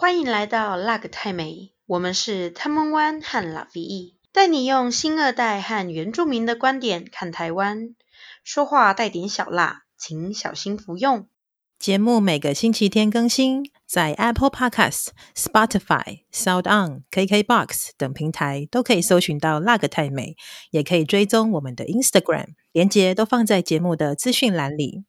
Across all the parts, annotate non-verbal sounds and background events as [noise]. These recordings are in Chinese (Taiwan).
歡迎來到《辣個泰美》，我們是 Tomon 灣和老 V，帶你用新二代和原住民的觀點看台灣，說話帶點小辣，請小心服用。節目每個星期天更新，在 Apple Podcasts、Spotify、Sound On、KK Box 等平台都可以搜尋到《辣個泰美》，也可以追蹤我們的 Instagram，連接都放在節目的資訊欄裡。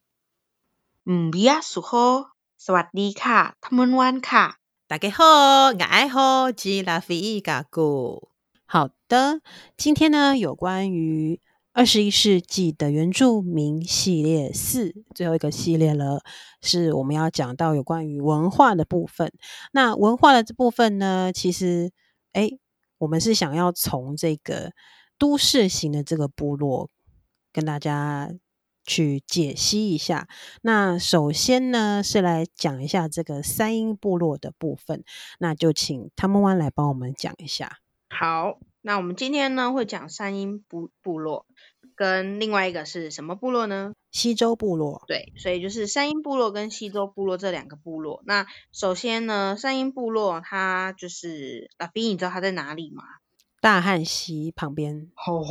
嗯，不要說าสุโคสวัสดีค่ะทัมมุนวานค่ะ大家好，我愛好吉拉飛 o 家哥。好的，今天呢，有關於二十一世紀的原住民系列四，最後一個系列了，是我們要講到有關於文化的部分。那文化的這部分呢，其實哎、欸，我們是想要從這個都市型的這個部落跟大家。去解析一下。那首先呢，是來講一下這個三鶯部落的部分。那就請湯姆灣來幫我們講一下。好，那我們今天呢會講三鶯部部落，跟另外一個是什麼部落呢？溪洲部落。對，所以就是三鶯部落跟溪洲部落這兩個部落。那首先呢，三鶯部落它就是阿斌，啊、比你知道它在哪裡嗎？大漢溪旁邊。好、哦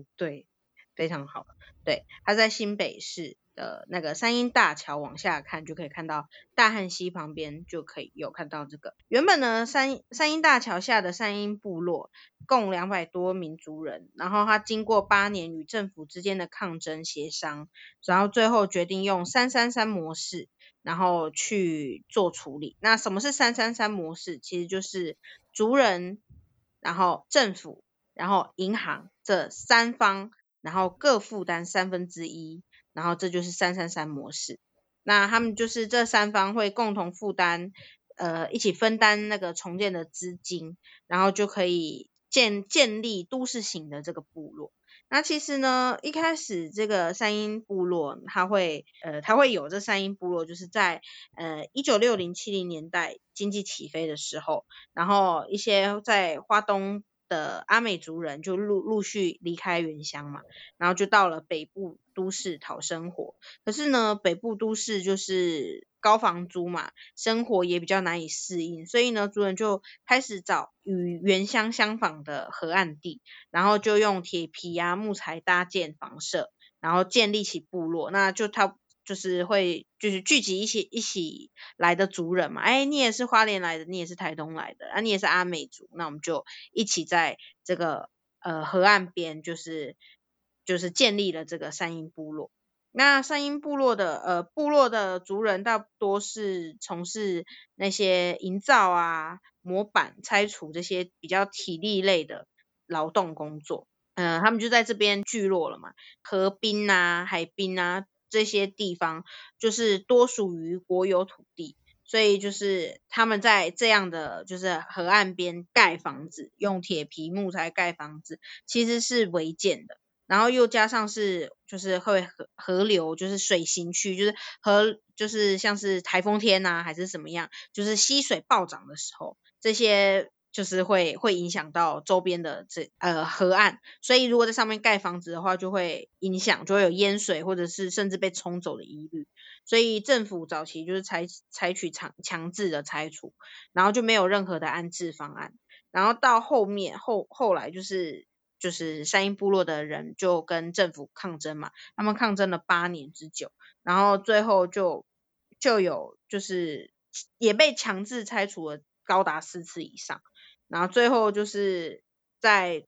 哦，對，非常好。對，他在新北市的那個三鶯大橋往下看，就可以看到大漢溪旁邊就可以有看到這個。原本呢，三三鶯大橋下的三鶯部落共兩百多名族人，然後他經過八年與政府之間的抗爭協商，然後最後決定用三三三模式，然後去做處理。那什麼是三三三模式？其實就是族人，然後政府，然後銀行這三方。然後各負擔三分之一，然後這就是三三三模式。那他們就是這三方會共同負擔，呃，一起分擔那個重建的資金，然後就可以建建立都市型的這個部落。那其實呢，一開始這個三鶯部落它，他會呃，他會有這三鶯部落，就是在呃一九六零七零年代經濟起飛的時候，然後一些在花東。的阿美族人就陸陸續續離開原鄉嘛，然後就到了北部都市討生活。可是呢，北部都市就是高房租嘛，生活也比較難以適應，所以呢，族人就開始找與原鄉相仿的河岸地，然後就用鐵皮啊、木材搭建房舍，然後建立起部落。那就他。就是會就是聚集一起一起來的族人嘛，哎，你也是花蓮來的，你也是台東來的，啊，你也是阿美族，那我們就一起在這個呃河岸邊，就是就是建立了這個三鶯部落。那三鶯部落的呃部落的族人大多是從事那些營造啊、模板拆除這些比較體力類的勞動工作，嗯、呃，他們就在這邊聚落了嘛，河濱啊、海濱啊。這些地方就是多屬於國有土地，所以就是他們在這樣的就是河岸邊蓋房子，用鐵皮木材蓋房子，其實是違建的。然後又加上是就是會河河流就是水行區，就是河就是像是台風天吶、啊、還是怎麼樣，就是溪水暴漲的時候，這些。就是會會影響到周邊的這呃河岸，所以如果在上面蓋房子的話，就會影響，就會有淹水或者是甚至被沖走的疑慮。所以政府早期就是採採取強強制的拆除，然後就沒有任何的安置方案。然後到後面後後來就是就是三鶯部落的人就跟政府抗爭嘛，他們抗爭了八年之久，然後最後就就有就是也被強制拆除了高達四次以上。然後最後就是在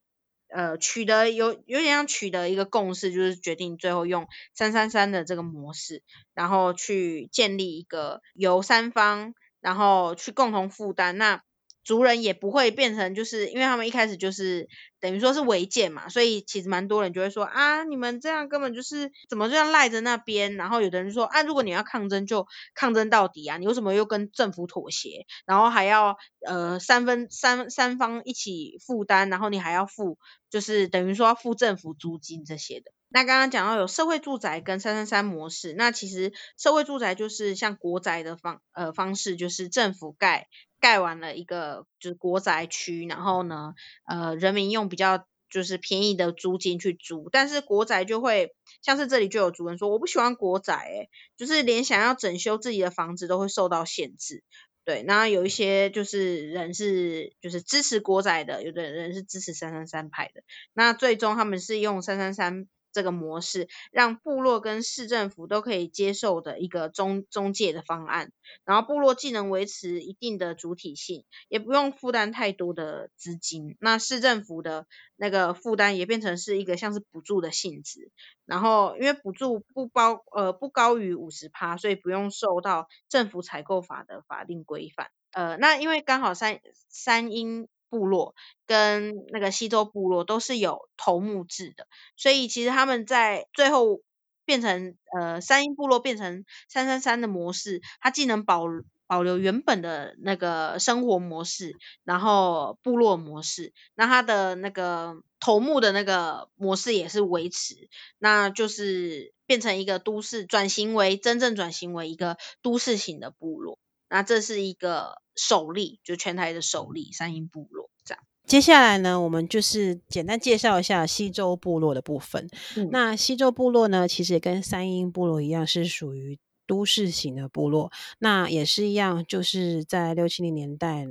呃取得有有點像取得一個共識，就是決定最後用三三三的這個模式，然後去建立一個由三方，然後去共同負擔，那。族人也不會變成，就是因為他們一開始就是等於說是違建嘛，所以其實蠻多人就會說啊，你們這樣根本就是怎麼這樣賴着那邊？然後有的人就說啊，如果你要抗爭就，就抗爭到底啊！你為什麼又跟政府妥協？然後還要呃三分三三方一起負擔，然後你還要付就是等於說要付政府租金這些的。那剛剛講到有社會住宅跟三三三模式，那其實社會住宅就是像國宅的方呃方式，就是政府蓋。蓋完了一個就是國宅區，然後呢，呃，人民用比較就是便宜的租金去租，但是國宅就會，像是這裡就有族人說，我不喜歡國宅，欸，哎，就是連想要整修自己的房子都會受到限制，對，然後有一些就是人是就是支持國宅的，有的人是支持三三三派的，那最終他們是用三三三。這個模式讓部落跟市政府都可以接受的一個中中介的方案，然後部落既能維持一定的主體性，也不用負擔太多的資金，那市政府的那個負擔也變成是一個像是補助的性質，然後因為補助不包呃不高於五十趴，所以不用受到政府採購法的法定規範，呃，那因為剛好三三鶯。部落跟那個溪洲部落都是有頭目制的，所以其實他們在最後變成呃三鶯部落變成三三三的模式，它既能保保留原本的那個生活模式，然後部落模式，那它的那個頭目的那個模式也是維持，那就是變成一個都市，轉型為真正轉型為一個都市型的部落。那這是一個首例，就全台的首例，三鶯部落這樣。接下來呢，我們就是簡單介紹一下溪洲部落的部分。嗯、那溪洲部落呢，其實也跟三鶯部落一樣，是屬於都市型的部落。嗯、那也是一樣，就是在六七零年代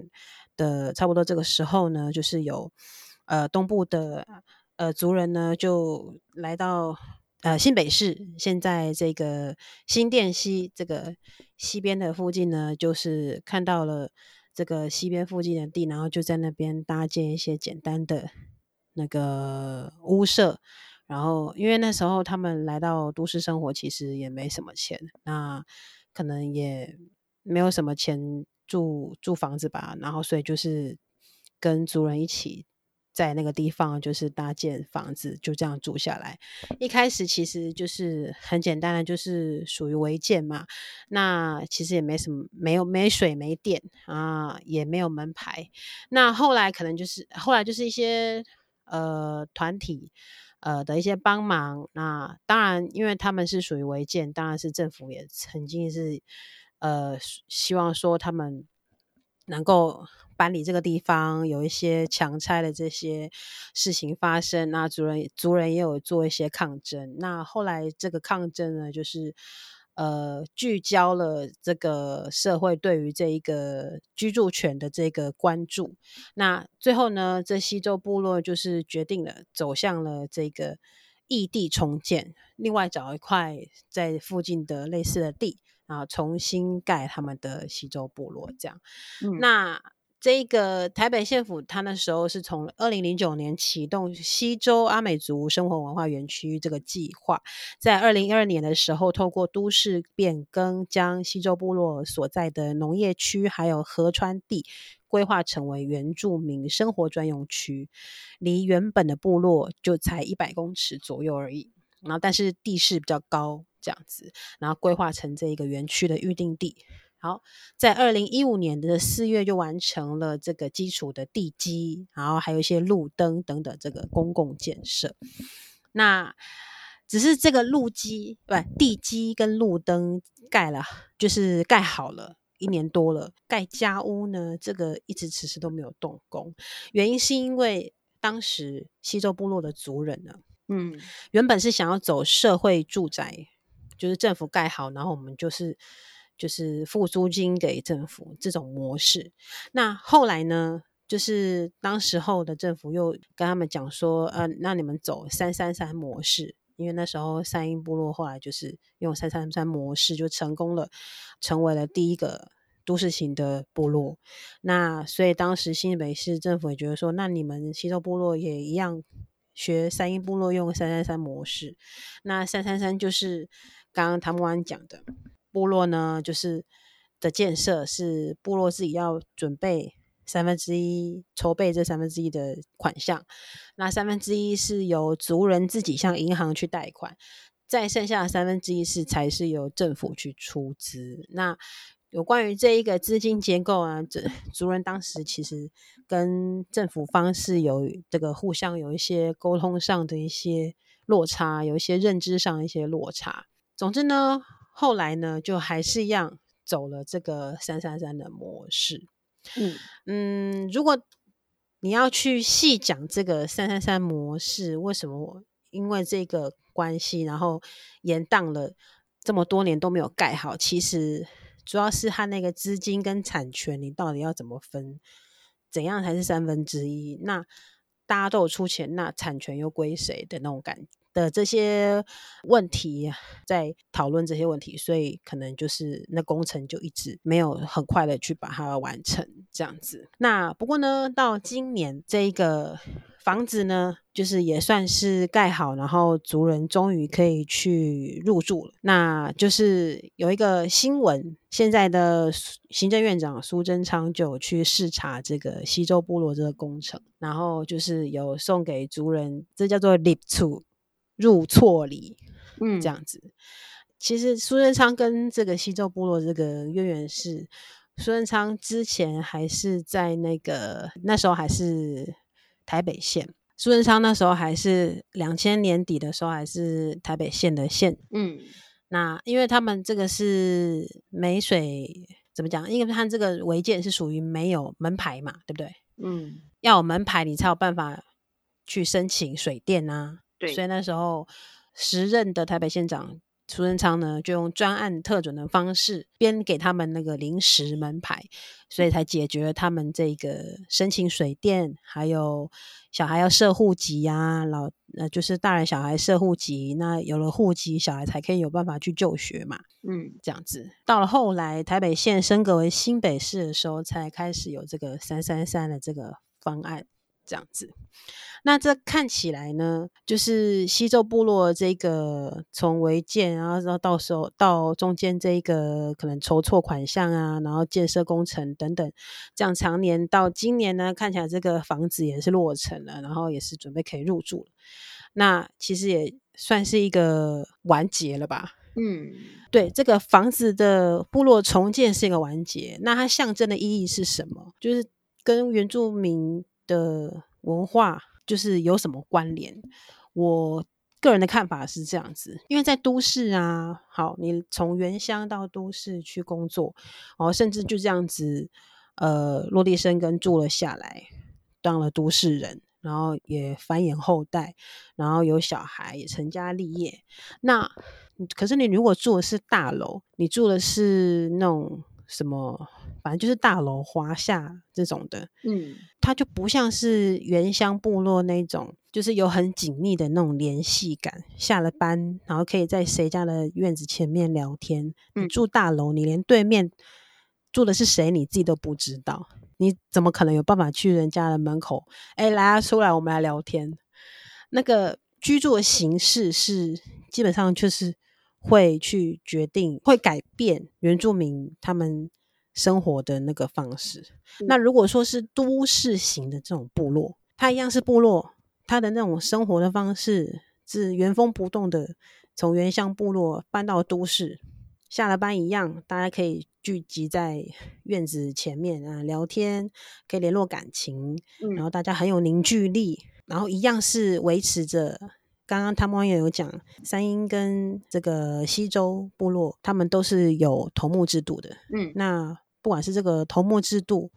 的差不多這個時候呢，就是有呃東部的呃族人呢，就來到。呃，新北市現在這個新店溪這個溪邊的附近呢，就是看到了這個溪邊附近的地，然後就在那邊搭建一些簡單的那個屋舍。然後因為那時候他們來到都市生活，其實也沒什麼錢，那可能也沒有什麼錢住住房子吧。然後所以就是跟族人一起。在那個地方就是搭建房子，就這樣住下來。一開始其實就是很簡單的，就是屬於違建嘛。那其實也沒什麼，沒有沒水沒電啊，也沒有門牌。那後來可能就是後來就是一些呃團體呃的一些幫忙。那、啊、當然，因為他們是屬於違建，當然是政府也曾經是呃希望說他們。能夠搬離這個地方，有一些強拆的這些事情發生，那族人族人也有做一些抗爭。那後來這個抗爭呢，就是呃聚焦了這個社會對於這一個居住權的這個關注。那最後呢，這溪洲部落就是決定了走向了這個異地重建，另外找一塊在附近的類似的地。啊，然後重新蓋他們的溪洲部落這樣。嗯、那這個台北縣府，它那時候是從二零零九年啟動溪洲阿美族生活文化園區這個計劃，在二零一二年的時候，透過都市變更，將溪洲部落所在的農業區還有河川地規劃成為原住民生活專用區，離原本的部落就才一百公尺左右而已。然後，但是地勢比較高。這樣子，然後規劃成這個園區的預定地。好，在二零一五年的四月就完成了這個基礎的地基，然後還有一些路燈等等這個公共建設。那只是這個路基，不，地基跟路燈蓋了，就是蓋好了，一年多了。蓋家屋呢，這個一直遲遲都沒有動工，原因是因為當時溪洲部落的族人呢，啊，嗯，原本是想要走社會住宅。就是政府蓋好，然後我們就是就是付租金給政府這種模式。那後來呢，就是當時候的政府又跟他們講說，呃，那你們走三三三模式，因為那時候三鷹部落後來就是用三三三模式就成功了，成為了第一個都市型的部落。那所以當時新北市政府也覺得說，那你們溪洲部落也一樣學三鷹部落用三三三模式。那三三三就是。剛剛唐木安講的部落呢，就是的建設是部落自己要準備三分之一籌備這三分之一的款項，那三分之一是由族人自己向銀行去貸款，再剩下的三分之一是才是由政府去出資。那有關於這一個資金結構啊，這族人當時其實跟政府方是有這個互相有一些溝通上的一些落差，有一些認知上一些落差。總之呢，後來呢，就還是一樣走了這個三三三的模式。嗯嗯，如果你要去細講這個三三三模式，為什麼？因為這個關係，然後延宕了這麼多年都沒有蓋好。其實主要是他那個資金跟產權，你到底要怎麼分？怎樣才是三分之一？3, 那大家都有出錢，那產權又歸誰的那種感覺，的這些問題，在討論這些問題，所以可能就是那工程就一直沒有很快的去把它完成這樣子。那不過呢，到今年這一個房子呢，就是也算是蓋好，然後族人終於可以去入住了。那就是有一個新聞，現在的行政院長蘇貞昌就去視察這個溪洲部落這個工程，然後就是有送給族人，這叫做禮處。入錯裡，嗯，這樣子。嗯、其實蘇貞昌跟這個溪洲部落這個淵源是，蘇貞昌之前還是在那個那時候還是台北縣，蘇貞昌那時候還是兩千年底的時候還是台北縣的縣，嗯，那因為他們這個是沒水，怎麼講？因為他們這個違建是屬於沒有門牌嘛，對不對？嗯，要有門牌你才有辦法去申請水電啊。對，所以那時候，時任的台北縣長蘇貞昌呢，就用專案特准的方式，編給他們那個臨時門牌，所以才解決了他們這個申請水電，還有小孩要設戶籍呀、啊，老，呃，就是大人小孩設戶籍，那有了戶籍，小孩才可以有辦法去就學嘛，嗯，這樣子。到了後來，台北縣升格為新北市的時候，才開始有這個三三三的這個方案。這樣子，那這看起來呢，就是溪洲部落這個從違建，然後到到時候到中間這個可能籌措款項啊，然後建設工程等等，這樣常年到今年呢，看起來這個房子也是落成了，然後也是準備可以入住了。那其實也算是一個完結了吧？嗯，對，這個房子的部落重建是一個完結，那它象徵的意義是什麼？就是跟原住民。的文化就是有什麼關聯？我個人的看法是這樣子，因為在都市啊，好，你從原鄉到都市去工作，然後甚至就這樣子，呃，落地生根住了下來，當了都市人，然後也繁衍後代，然後有小孩也成家立業。那可是你如果住的是大樓，你住的是那種什麼？反正就是大樓、華廈這種的，嗯，它就不像是原鄉部落那種，就是有很緊密的那種聯繫感。下了班，然後可以在誰家的院子前面聊天。你住大樓，你連對面住的是誰，你自己都不知道，嗯、你怎麼可能有辦法去人家的門口？哎、欸，來啊，出來，我們來聊天。那個居住的形式是基本上就是會去決定，會改變原住民他們，生活的那個方式，那如果說是都市型的這種部落，它一樣是部落，它的那種生活的方式是原封不動的，從原鄉部落搬到都市，下了班一樣，大家可以聚集在院子前面啊聊天，可以聯絡感情，然後大家很有凝聚力，嗯、然後一樣是維持着。剛剛他們也有講，三鶯跟這個溪洲部落，他們都是有頭目制度的，嗯，那。不管是這個頭目制度，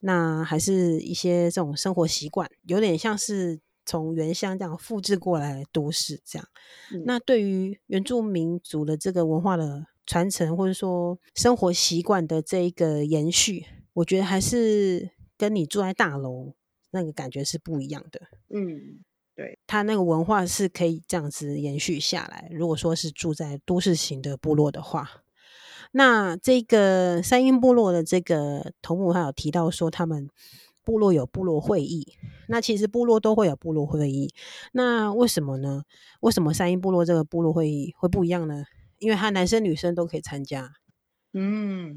那還是一些這種生活習慣，有點像是從原鄉這樣複製過來都市這樣。嗯，那對於原住民族的這個文化的傳承，或者說生活習慣的這一個延續，我覺得還是跟你住在大樓那個感覺是不一樣的。嗯，對，他那個文化是可以這樣子延續下來。如果說是住在都市型的部落的話。那這個三鶯部落的這個頭目，他有提到說，他們部落有部落會議。那其實部落都會有部落會議，那為什麼呢？為什麼三鶯部落這個部落會議會不一樣呢？因為他男生女生都可以參加。嗯，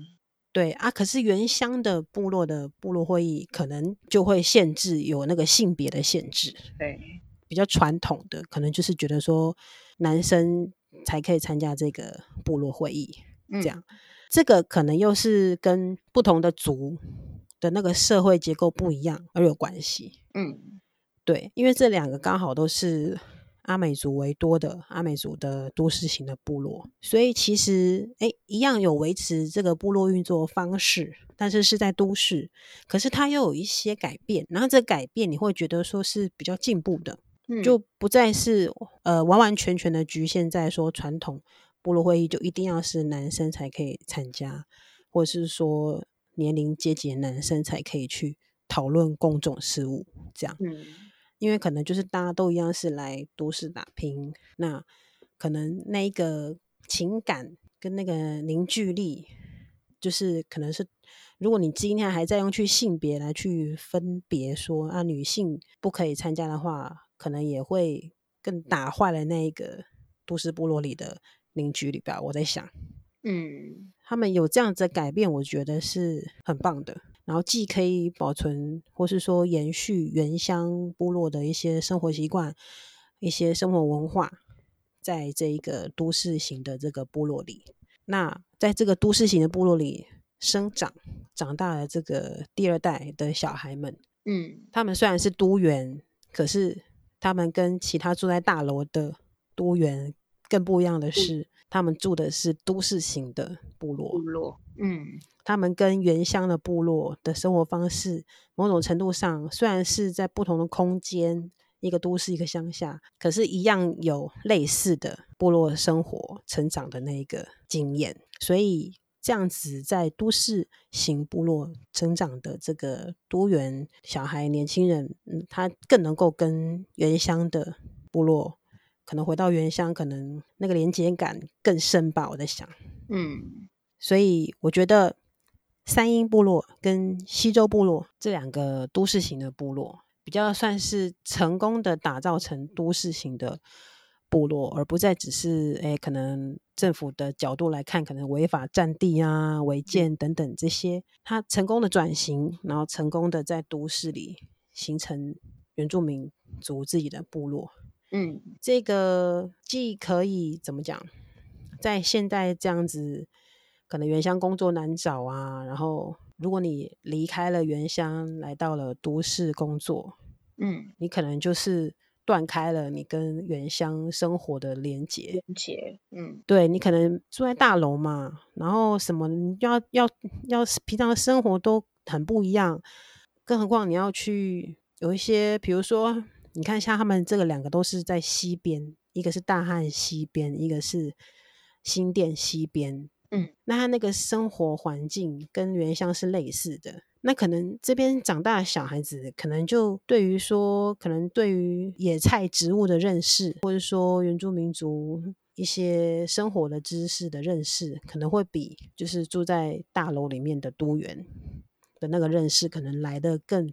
對啊。可是原鄉的部落的部落會議，可能就會限制有那個性別的限制。對，比較傳統的可能就是覺得說，男生才可以參加這個部落會議。這樣，嗯、這個可能又是跟不同的族的那個社會結構不一樣而有關係。嗯，對，因為這兩個剛好都是阿美族為多的阿美族的都市型的部落，所以其實誒一樣有維持這個部落運作方式，但是是在都市，可是它又有一些改變。然後這改變你會覺得說是比較進步的，嗯、就不再是呃完完全全的侷限在說傳統。部落會議就一定要是男生才可以參加，或者是說年齡階級的男生才可以去討論公眾事務，這樣。嗯，因為可能就是大家都一樣是來都市打拼，那可能那一個情感跟那個凝聚力，就是可能是如果你今天還在用去性別來去分別說啊，女性不可以參加的話，可能也會更打壞了那一個都市部落裡的。鄰居裡邊，我在想，嗯，他們有這樣子的改變，我覺得是很棒的。然後既可以保存或是說延續原鄉部落的一些生活習慣、一些生活文化，在這一個都市型的這個部落裡。那在這個都市型的部落裡生長長大的這個第二代的小孩們，嗯，他們雖然是都原，可是他們跟其他住在大樓的都原。更不一樣的是，嗯、他們住的是都市型的部落。部落，嗯，他們跟原鄉的部落的生活方式，某種程度上雖然是在不同的空間，一個都市，一個鄉下，可是，一樣有類似的部落生活成長的那一個經驗。所以，這樣子在都市型部落成長的這個都原小孩、年輕人，嗯，他更能夠跟原鄉的部落。可能回到原鄉，可能那個連接感更深吧。我在想，嗯，所以我覺得三鶯部落跟溪洲部落這兩個都市型的部落，比較算是成功的打造成都市型的部落，而不再只是哎、欸，可能政府的角度來看，可能違法佔地啊、違建等等這些，它成功的轉型，然後成功的在都市裡形成原住民族自己的部落。嗯，這個既可以怎麼講，在現在這樣子，可能原鄉工作難找啊。然後，如果你離開了原鄉，來到了都市工作，嗯，你可能就是斷開了你跟原鄉生活的連接。連接，嗯，對，你可能住在大樓嘛，然後什麼要要要平常的生活都很不一樣，更何況你要去有一些，比如說。你看，像他們這個兩個都是在溪邊，一個是大漢溪邊，一個是新店溪邊。嗯，那他那個生活環境跟原鄉是類似的。那可能這邊長大的小孩子，可能就對於說，可能對於野菜植物的認識，或者說原住民族一些生活的知識的認識，可能會比就是住在大樓裡面的都原的那個認識，可能來得更。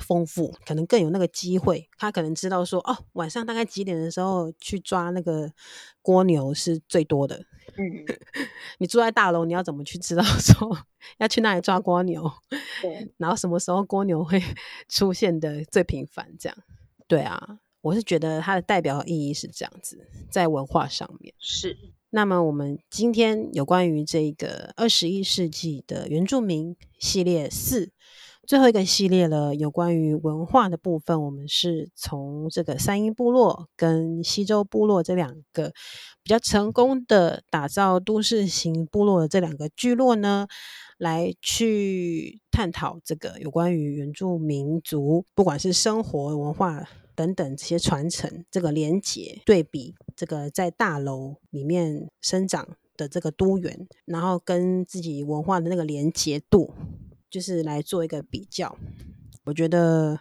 豐富，可能更有那個機會。他可能知道說，哦，晚上大概幾點的時候去抓那個蝸牛是最多的。嗯， [laughs] 你住在大樓，你要怎麼去知道說要去哪裡抓蝸牛？對然後什麼時候蝸牛會出現的最頻繁？這樣，對啊，我是覺得它的代表意義是這樣子，在文化上面是。那麼，我們今天有關於這個二十一世紀的原住民系列四。最後一個系列了，有關於文化的部分，我們是從這個三鶯部落跟溪洲部落這兩個比較成功的打造都市型部落的這兩個聚落呢，來去探討這個有關於原住民族，不管是生活文化等等這些傳承，這個連結對比，這個在大樓裡面生長的這個都原，然後跟自己文化的那個連結度。就是來做一個比較，我覺得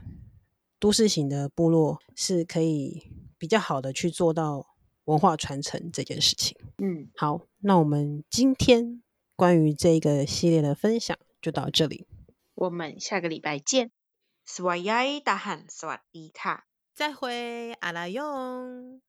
都市型的部落是可以比較好的去做到文化傳承這件事情。嗯，好，那我們今天關於這個系列的分享就到這裡，我們下個禮拜見。sway yay 斯瓦耶達罕，斯瓦迪卡，再會阿拉勇。